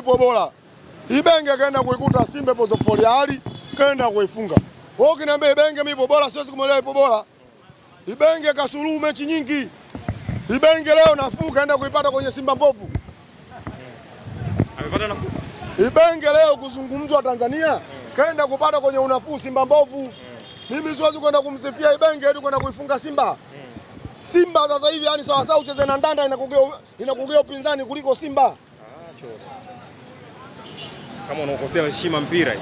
haipo bora. Ibenge kaenda kuikuta Simba ipo zofoli hali kaenda kuifunga. Wao kinaambia Ibenge mimi ipo bora, siwezi kumwelewa ipo bora. Ibenge kasuluhu mechi nyingi. Ibenge leo nafuu kaenda kuipata kwenye Simba mbovu. Amepata nafuu. Ibenge leo kuzungumzwa Tanzania kaenda kupata kwenye unafuu Simba mbovu. Mimi siwezi kwenda kumsifia Ibenge hadi kwenda kuifunga Simba. Simba sasa hivi yani sawa sawa ucheze na Ndanda inakugea inakugea upinzani kuliko Simba. Ah, chora kama unakosea heshima mpira.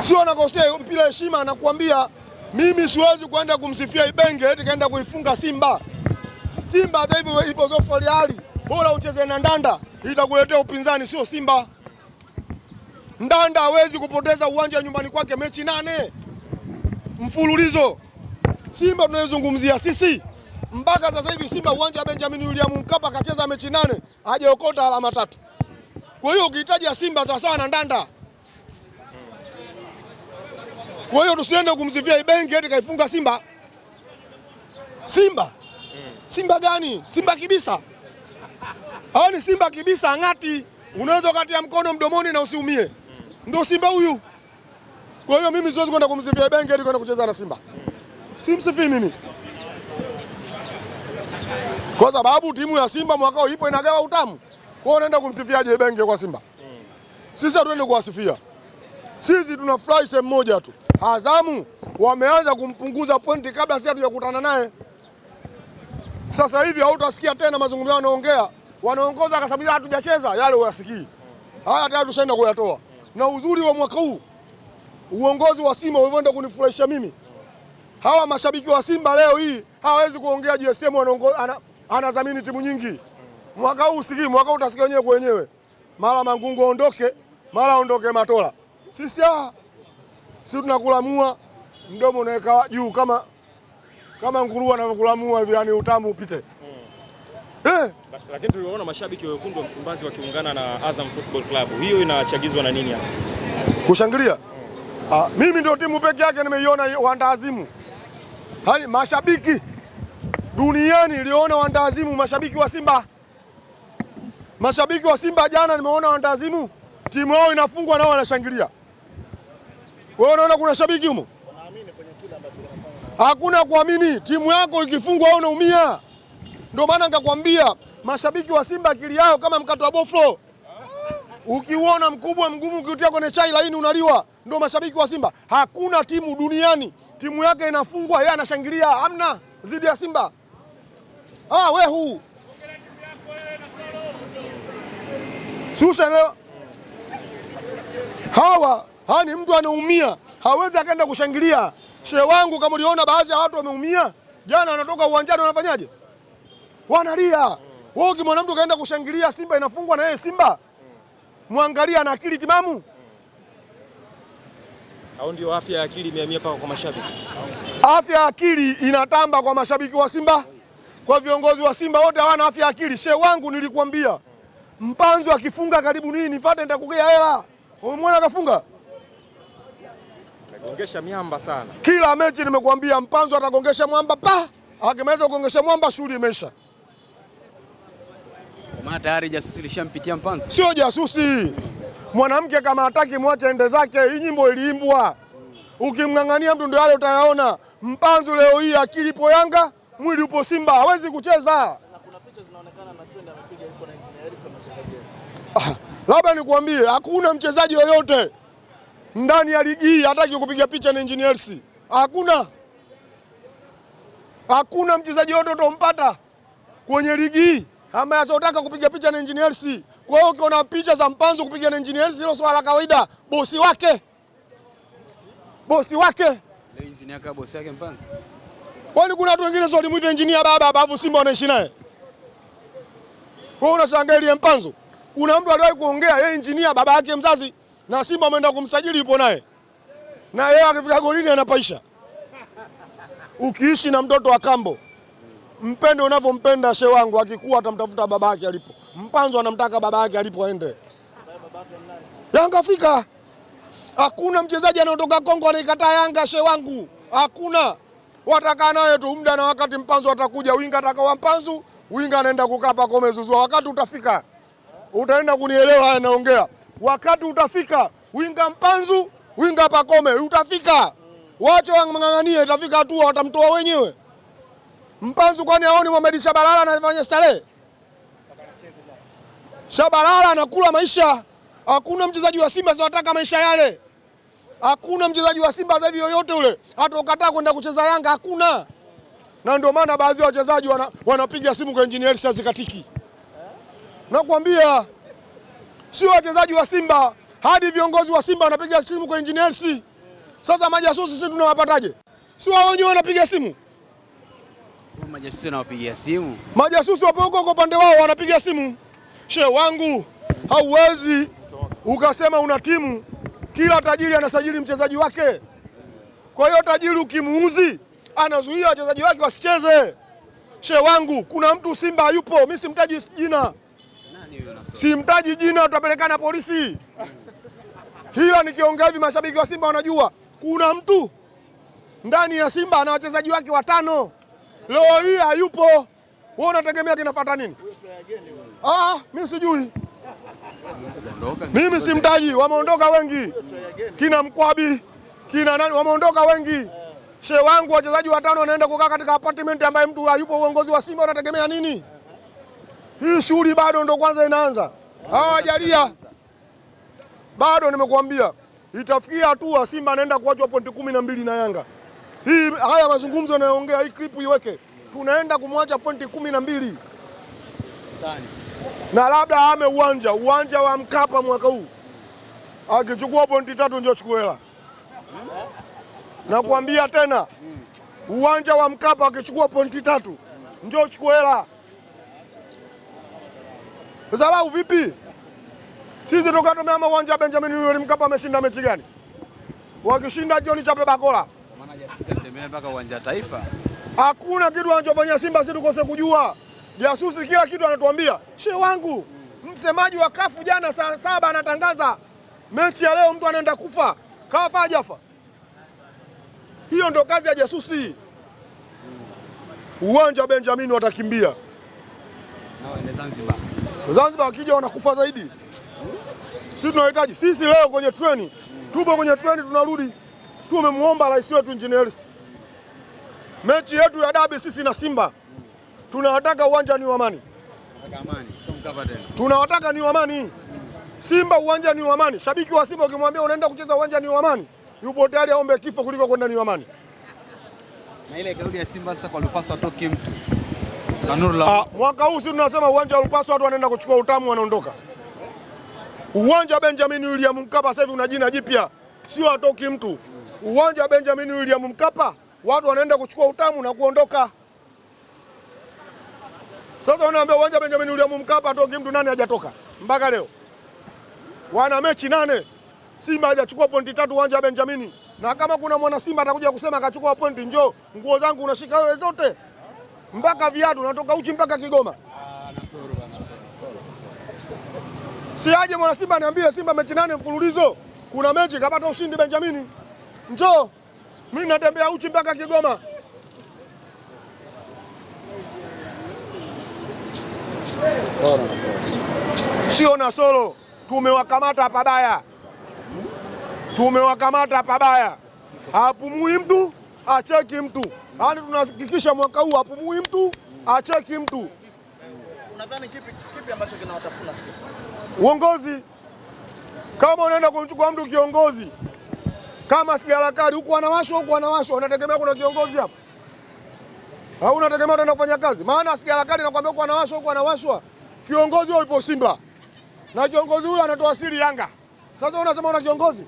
Sio anakosea mpira heshima, anakuambia mimi siwezi kwenda kumsifia Ibenge eti kaenda kuifunga Simba. Simba hata hivyo ipo zofali hali. Bora ucheze na Ndanda itakuletea upinzani, sio Simba. Ndanda hawezi kupoteza uwanja nyumbani kwake mechi nane mfululizo. Simba tunayozungumzia sisi mpaka sasa hivi Simba uwanja wa Benjamin William Mkapa akacheza mechi nane hajaokota alama tatu. Kwa hiyo ukihitaji Simba sawasawa na Ndanda. Kwa hiyo tusiende kumzivia ibenki eti kaifunga Simba. Simba Simba gani? Simba kibisa au ni Simba kibisa ng'ati, unaweza ukatia mkono mdomoni na usiumie, ndio Simba huyu. Kwa hiyo mimi siwezi kwenda kumsifia Ibenge ili kwenda kucheza na Simba, simsifii mimi, kwa sababu timu ya Simba mwakao ipo inagawa utamu. Wewe unaenda kumsifiaje Benge kwa Simba? Sisi hatuendi kuwasifia, sisi tunafurahi sehemu moja tu, Azamu wameanza kumpunguza pointi kabla sisi hatujakutana naye. Sasa hivi hautasikia tena mazungumzo wanaongea, wanaongoza akasabia hatujacheza yale, uyasikii haya, tayari tushaenda kuyatoa. Na uzuri wa mwaka huu uongozi wa Simba ulivyoenda kunifurahisha mimi, hawa mashabiki wa Simba leo hii hawawezi kuongea GSM anadhamini timu nyingi. Mwaka huu usikii, mwaka huu utasikia wenyewe kwa wenyewe, mara Mangungu aondoke, mara aondoke Matola. Sisi ah, sisi tunakulamua mdomo unaweka juu kama kama nguruwe anakula mua hivi, yani utamu upite. Hmm. Eh, lakini tuliwaona mashabiki wa wekundu wa Msimbazi wakiungana na Azam Football Club. Hiyo inachagizwa na nini hasa? Kushangilia? Hmm. Ah, mimi ndio timu peke yake nimeiona wandaazimu, yaani mashabiki duniani iliona wandaazimu, mashabiki wa Simba Mashabiki wa Simba jana nimeona wanatazimu timu yao inafungwa nao wanashangilia. Wewe unaona kuna shabiki humo? Hakuna kuamini, timu yako ikifungwa au unaumia. Ndio maana nikakwambia mashabiki wa Simba akili yao kama mkato wa boflo. Ukiuona mkubwa mgumu ukiutia kwenye chai laini unaliwa. Ndio mashabiki wa Simba. Hakuna timu duniani timu yake inafungwa yeye anashangilia. amna zidi ya Simba. Ah, we huu shusha leo. Hawa hani mtu anaumia, hawezi akaenda kushangilia. Shehe wangu, kama uliona baadhi ya watu wameumia jana, wanatoka uwanjani wanafanyaje? Wanalia. Wewe ukimwona mtu kaenda kushangilia Simba inafungwa na yeye Simba, mwangalia ana akili timamu au ndio? Afya ya akili imehamia paka kwa mashabiki, afya ya akili inatamba kwa mashabiki wa Simba, kwa viongozi wa Simba wote hawana afya ya akili. Shehe wangu, nilikuambia Mpanzo akifunga karibu nini Fata nitakugea hela. Umemwona akafunga? Kagongesha miamba sana. Kila mechi nimekuambia Mpanzo atagongesha mwamba pa. Akimaliza kugongesha mwamba shughuli imeisha. Kwa maana tayari jasusi lishampitia Mpanzo. Sio jasusi. Mwanamke kama hataki mwache ende zake, hii nyimbo iliimbwa. Ukimng'ang'ania mtu ndio yale utayaona. Mpanzo leo hii akili ipo Yanga, mwili upo Simba, hawezi kucheza. Ah, labda nikwambie hakuna mchezaji yoyote ndani ya ligi hii hataki kupiga picha na engineers. Hakuna, hakuna mchezaji yoyote utompata kwenye ligi hii ambaye asotaka kupiga picha na engineers. Kwa hiyo ukiona picha za mpanzo kupiga na engineers, hilo swala la kawaida. Bosi wake bosi wake Na Engineer kabosi yake mpanzo. kwani kuna watu wengine sio walimwita engineer baba, alafu Simba wanaishi naye. Kwa hiyo unashangaa ile mpanzo. Kuna mtu aliwahi kuongea yeye injinia baba yake mzazi na Simba ameenda kumsajili yupo naye. Na yeye akifika golini anapaisha. Ukiishi na mtoto wa kambo, mpende unavyompenda shehe wangu, akikuwa atamtafuta baba yake alipo. Mpanzo anamtaka baba yake alipo aende. Yanga fika. Hakuna mchezaji anaotoka Kongo anaikataa Yanga shehe wangu. Hakuna. Watakaa naye tu muda na wakati Mpanzo atakuja winga atakawa Mpanzo winga anaenda kukaa pako umezuzua. Wakati utafika utaenda kunielewa haya naongea. Wakati utafika winga mpanzu winga pakome utafika, wache wang'ang'anie, itafika hatua watamtoa wenyewe. Mpanzu kwani haoni Mohamed Shabalala anafanya starehe? Shabalala anakula maisha. Hakuna mchezaji wa Simba zinataka maisha yale. Hakuna mchezaji wa Simba sasa hivi yoyote ule, hata ukataa kwenda kucheza Yanga, hakuna na ndio maana baadhi ya wachezaji wana, wanapiga simu kwa engineer zikatiki. Nakwambia sio wachezaji wa Simba, hadi viongozi wa Simba wanapiga simu kwa engineer. Sasa majasusi sisi tunawapataje? Si wao wenyewe wanapiga simu, majasusi wanapiga simu, majasusi wapo huko kwa upande wao wanapiga simu. She wangu, hauwezi ukasema una timu. Kila tajiri anasajili mchezaji wake, kwa hiyo tajiri ukimuuzi anazuia wachezaji wake wasicheze. She wangu, kuna mtu Simba yupo, mi simtaji jina, simtaji jina, tutapelekana polisi. Hila nikiongea hivi mashabiki wa Simba wanajua kuna mtu ndani ya Simba na wachezaji wake watano, leo hii hayupo. Wewe unategemea kinafuata nini? Ah, mimi ah, sijui, mimi simtaji. Wameondoka wengi, kina Mkwabi, kina nani, wameondoka wengi. Shehe wangu wachezaji watano wanaenda kukaa katika apartment ambaye mtu hayupo. Uongozi wa Simba anategemea nini? Hii shughuli bado ndo kwanza inaanza, wajalia bado. Nimekuambia itafikia hatua Simba anaenda kuachwa pointi kumi na mbili na Yanga. Hii haya mazungumzo yanayoongea, hii clip iweke, tunaenda kumwacha pointi kumi na mbili na labda ame uwanja uwanja wa Mkapa mwaka huu akichukua pointi tatu, ndio chukua hela Nakwambia tena, uwanja wa Mkapa akichukua pointi tatu, ndio chukua hela. zalau vipi? Sisi toka tumeama uwanja wa Benjamin William Mkapa ameshinda mechi gani? Wakishinda John Chape Bakola. Mpaka uwanja wa Taifa. Hakuna kitu anachofanya Simba si tukose kujua. Jasusi kila kitu anatuambia. She wangu, msemaji wa kafu jana saa saba anatangaza mechi ya leo mtu anaenda kufa. Kafa ajafa. Hiyo ndo kazi ya jasusi. Uwanja wa Benjamin watakimbia Zanzibar. Zanzibar wakija wanakufa zaidi. Sisi tunahitaji sisi leo kwenye treni, tupo kwenye treni tunarudi, tumemwomba rais wetu engineer mechi yetu ya dabi sisi na Simba tunawataka uwanja ni wamani, tunawataka ni wamani Simba uwanja ni wamani Shabiki wa Simba ukimwambia unaenda kucheza uwanja ni wamani amani yupo tayari aombe kifo kuliko kwenda ni amani. Na ile kauli ya Simba sasa kwa Lupaso atoke mtu. Ah, mwaka huu si tunasema uwanja wa Lupaso watu wanaenda kuchukua utamu wanaondoka. Uwanja wa Benjamin William Mkapa sasa hivi una jina jipya, sio atoki mtu. Uwanja wa Benjamin William Mkapa watu wanaenda kuchukua utamu na kuondoka. Sasa unaambia uwanja wa Benjamin William Mkapa atoki mtu, nani hajatoka mpaka leo? Wana mechi nane. Simba hajachukua pointi tatu uwanja wa Benjamini, na kama kuna mwana Simba atakuja kusema akachukua pointi, njoo nguo zangu unashika wewe zote, mpaka viatu natoka uchi mpaka Kigoma. Si aje mwana Simba niambie, Simba mechi nane mfululizo, kuna mechi kapata ushindi Benjamini, njo mimi natembea uchi mpaka Kigoma. Sio na solo, tumewakamata pabaya tumewakamata pabaya, hapumui mtu acheki mtu, yani, tunahakikisha mwaka huu hapumui mtu acheki mtu. Unadhani kipi, kipi ambacho kinawatafuna sisi? Uongozi. Kama unaenda kumchukua mtu kiongozi kama sigara kali huku anawashwa huku anawashwa, unategemea kuna kiongozi hapo au unategemea utaenda kufanya kazi? Maana sigara kali nakwambia, huku anawashwa huku anawashwa, kiongozi huyo yupo Simba na kiongozi huyo anatoa siri Yanga. Sasa unasema una kiongozi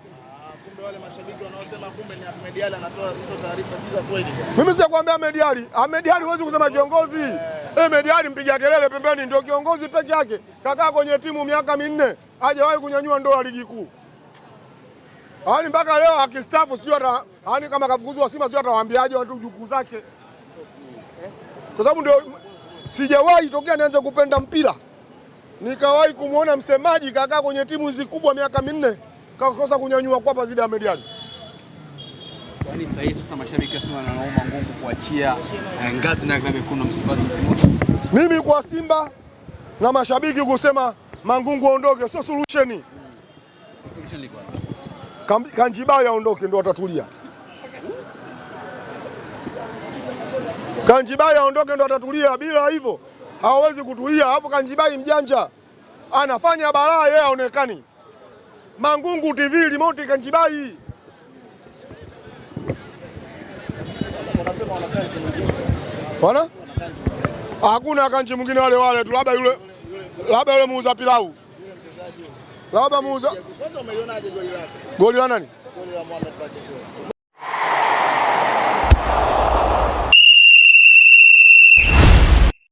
mimi sijakwambia Ahmed Ally. huwezi kusema kiongozi. E, Ally mpiga kelele pembeni ndio kiongozi peke yake. Kakaa kwenye timu miaka minne, hajawahi kunyanyua ndoo ya ligi kuu. Yaani mpaka leo akistafu, sio hata yaani kama kafukuzwa Simba sio atawaambiaje watu jukuu zake. Kwa sababu ndio sijawahi tokea nianze kupenda mpira. Nikawahi kumwona msemaji kakaa kwenye timu hizi kubwa miaka minne kakosa kunyanyua kwapa zidi ya Ally. Kwani sasa hivi sasa mashabiki wa Simba wanaomba nguvu kuachia eh, ngazi na klabu kuna msimbazi msimu. Mimi kwa Simba na mashabiki kusema Mangungu aondoke sio solution. Solution iko wapi? Kanjibaya aondoke ndio watatulia. Kanjibai aondoke ndo atatulia. Bila hivyo hawezi kutulia. Alafu Kanjibai mjanja anafanya balaa, yeye haonekani. Mangungu TV remote Kanjibai. Bwana? Hakuna kanji mwingine wale wale tu, labda yule labda yule muuza pilau. Labda muuza. Kwanza goli lake? Goli la nani? Goli la Mohamed Bachi.